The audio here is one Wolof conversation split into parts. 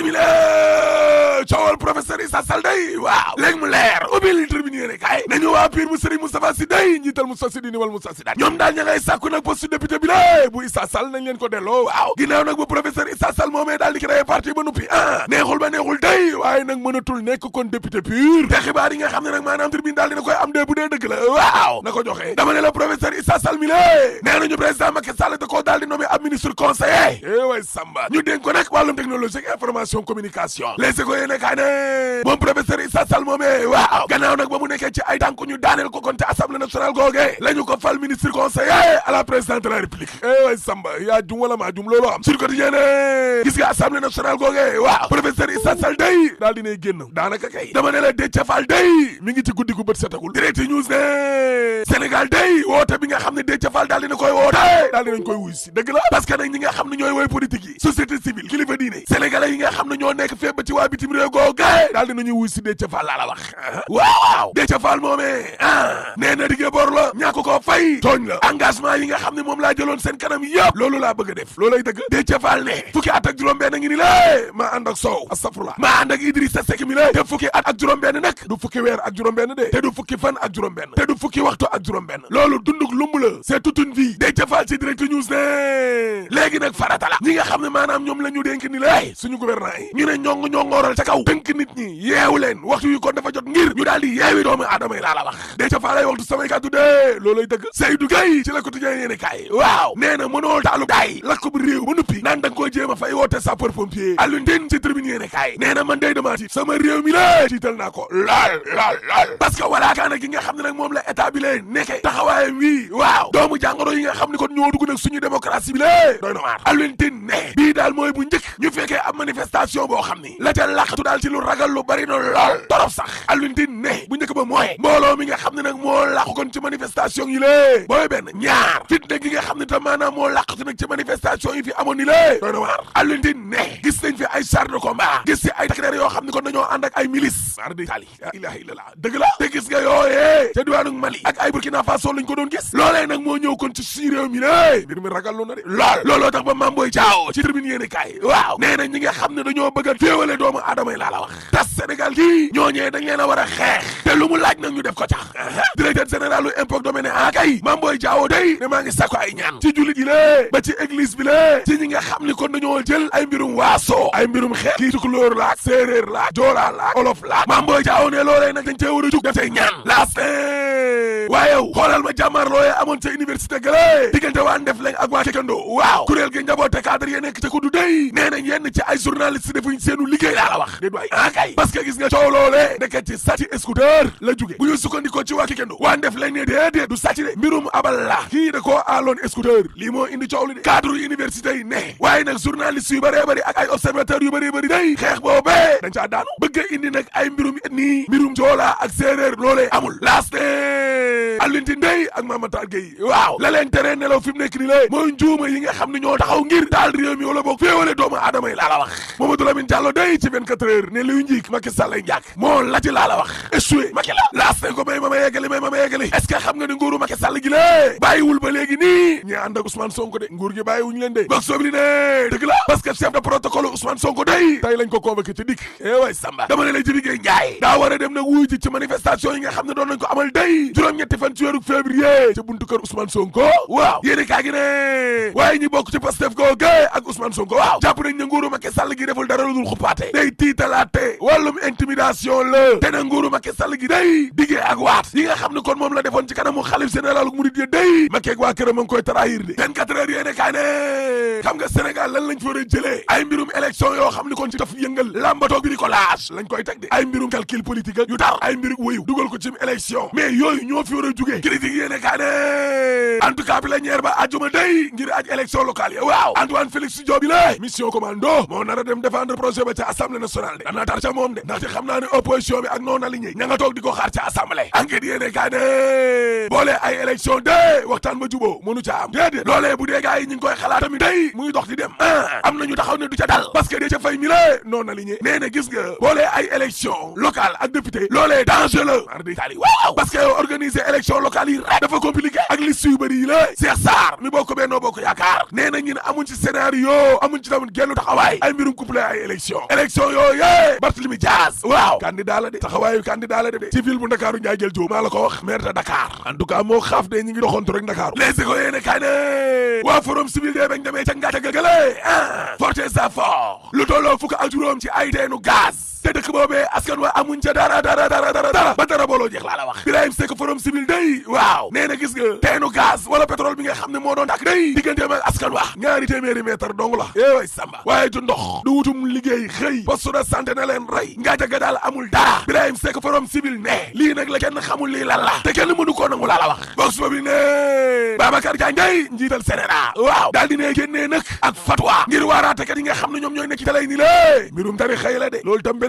simila sasal day waaw léegi mu leer ubbil tribune yéene kaay nañu waa piir bu Serigne Moustapha Sy day njiital Moustapha Sy wal Moustapha Sy ñoom daal ña ngay sàkku nag poste député bi bu Issa Sall leen ko delloo waaw ginnaaw nag bu professeur Issa Sall moomee daal di créé parti ba nuppi ah neexul ba neexul day waaye nag mënatul nekk kon député pur te xibaar yi nga xam ne nag maanaam tribune daal dina koy am dee bu dee dëgg la waaw na ko joxe dama ne la moom professeur Issa Sall moomee waaw gannaaw nag ba mu nekkee ci ay tànku ñu daaneel ko kon te assemblée nationale googee la ñu ko fal ministre conseiller à la présidence de la république eh samba yaa jum wala maa jum loolu am sur quotidien gis nga assemblée nationale googee waaw professeur Issa Sall day daal dinay génn daanaka kay dama ne la Déthié day mi ngi ci guddi gu bët setagul direct news ne Sénégal day woote bi nga xam ne Déthié Fall daal dina koy woote daal dinañ koy wuy si dëgg la parce bitim réew googaay daal dinañu wuy si Déthié Fall laa a wax waaw Déthié Fall moomee ah nee na diggee bor la ñàkk koo fay tooñ la engagement yi nga xam ne moom laa jëloon seen kanam yëpp loolu laa bëgg a def loolay dëgg Déthié Fall ne fukki at ak juróom-benn ngi ni la maa ànd ak Sow astafurlah ak juróom-benn nag du fukki weer ak juróom-benn de te du fukki fan ak juróom-benn te du fukki waxtu ak juróom-benn loolu dunduk lumb la c'est toute une vie Déthié Fall direct news ne léegi nag farata la ñi nga xam ne maanaam ñoom la ñu dénk ni la suñu gouvernant yi ñu ne ñong boorale ca kaw tënk nit ñi yeewu leen waxtu yu kon dafa jot ngir ñu daal di yeewi doomu aadama yi laa la wax dee ca faa lay waxtu samay kàddu dee looloy dëgg Seydou Gueye ci la quotidien yéene kaay waaw nee na mënoo taalu daay lakk bu réew ba nuppi naan da nga koy jéem a fay woote sapeur pompier Alioune kaay nee na man day dama ci sama réew mi la tiital naa ko lool lool lool parce que walaakaana gi nga ne moom la état bi lee nekke taxawaayam wii waaw doomu jàngoro yi nga xam ne ñoo dugg suñu démocratie bi lée doy na waar Alioune Tine ne bii daal mooy bu njëkk laqatu daal ci lu ragal lu bari na lool torop sax alluntin ne bu njëkk ba mooy mbooloo mi nga xam ne nag moo làqu kon ci manifestation yi lée booy benn ñaar fitne ne tam xam ne la ilaha illallah dëgg la te na de lool looloo a doo doomu aadama yi a la wax tas Sénégal gii ñooñee dañ a war a xeex te lu mu laaj nag ñu def ko cax directeur général lu impôt domaine a kay Mame Boye Diao ne maa ngi sakku ay ñaan ci jullit yi lée ba ci église bi lée ci ñi nga xam ni kon dañoo jël ay mbirum waaso ay mbirum xeex kii tukulóor laak séeréer laak joolaa laak olof laak Mame Boye ne loolee nag dañ cee war a jug def tey ñaan laas waaye xoolal ma jàmmaar looyee amoon ca université gëlé diggante day nee nañ yenn ci ay journaliste defuñ seenu liggéey laa la wax déet waay ah kay parce gis nga coow loolee nekk ci sàcc scooter la jóge bu ñu sukkandikoo ci waa Kikendo waa Ndef lañ ne déedéet du sàcc de mbirum abal la kii da koo aaloon scooter lii moo indi coow li de cadre université yi ne waaye nag journaliste yu bëree bëri ak ay observateur yu bëree bëri day xeex boobee dañ caa daanu bëgg a indi nag ay mbirum etnii mbirum joolaa ak séeréer loolee amul laas réewale doomu aadama yi laa la wax Mamadou Lamine Diallo day ci 24 heures ne njiik Macky Sall njaak moo la ci wax échoué Macky la laas ko may ma ma yeggali may ma ma yeggali est xam nga ne nguuru Macky Sall gi lée bàyyiwul ba léegi nii ñi ànd ak Sonko de nguur gi bàyyiwuñu leen de bog sobri ne la parce que chef de protocole Sonko day tey lañ ko convoqué ci dikk eh waay Samba dama ne lay njaay daa war dem nag wuy ji ci manifestation waaw jàpp nañ ne nguuru Macky Sall gi deful dara lu dul xuppaate day tiitalaate wàllum intimidation la te na nguuru Macky Sall gi day diggee ak waat yi nga xam ne kon moom la defoon ci kanamu xalif général murid ya day Macky ak waa këram a ngi koy trahir de 24 heures yéene kaay xam nga Sénégal lan lañ fa war a ay mbirum élection yoo xam ne kon ci daf yëngal làmbatoog bi di ko laaj lañ koy teg de ay mbirum calcul politique ak yu tar ay mbirum wuyu ko ci élection mais yooyu ñoo fi war a jugee critique yéene kaay ne en tout cas plénière ba ajuma day kaay mission commando moo nar a dem défendre projet ba ca assemblée nationale de danaa tar ca moom de ndaxte xam naa ne opposition bi ak non aligné ña nga toog di ko xaar ca assemblée enquête yéene kaay ne boolee ay élection de waxtaan ba juboo mënu ca am déedéet loolee bu dee gars yi ñu ngi koy xalaat tamit day dem ah am nañu taxaw ne du ca dal parce dee ca fay mi la non aligné nee na gis nga boolee ay élection locale ak député loolee danger la mar di amuñ ci tamit genn taxawaay ay mbirum couplé ay élection élection yooyee Barthélemy Dias waaw candidat la de taxawaayu candidat la de ci ville bu Ndakaaru njaay jël la ko wax maire de Dakar en moo xaaf de ñi ngi doxantu Ndakaaru les écoles yéene kaay ne waa forum de bañ demee ca ngaaca gëgële ah lu tolloo fukk ak ci ay teenu gaz te dëkk boobee askan wa amuñ dara dara dara ba dara booloo jeex la wax Birahim Seck forum civil day waaw nee na gis nga teenu gaz wala pétrole bi nga xam ne moo doon tàkk day digganteem ak askan wa ñaari téeméeri mètre dong la éeway samba waaye du du wutum liggéey xëy poste de santé na leen rey ngaa jaga daal amul dara Birahim Seck forum civil ne lii nag la kenn xamul lii lan la te kenn mënu koo nangu laa la wax vox bi ne Babacar Diagne day njiital sénéra waaw daal di ne génnee ne ñoom ñooy nekk ci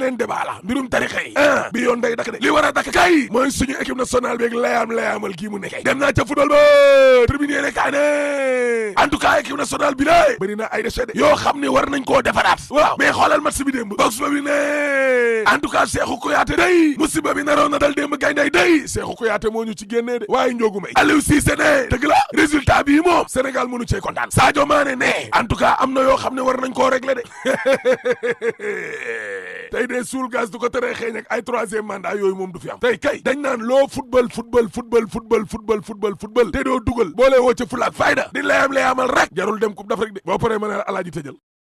beneen débat la mbirum tarixa yi ah bi yoon day dakk de li war a dakk kay mooy suñu équipe nationale beeg layaam layaamal gii mu nekkee dem naa ca football ba tribune yéene kaa ne en bi la bëri na ay déchets de yoo xam ne war nañ koo defaraat waaw mais xoolal match bi démb box ba bi ne en tout cas day musiba bi naroon na dal démb gaynday day Cheikhou Kouyaté moo ñu ci génnee de waaye njoogu may Aliou Cissé ne la résultat bii moom Sénégal mënu tey dee suul gaz du ko teree xeeñ ak ay troisième mandat yooyu moom du fi am tey kay dañ naan loo football football football football football football football te doo dugal boolee woo ca fulaak fayda di layam-layaamal rek jarul dem coupe d'Afrique de boo paree mën a alaaji tëjal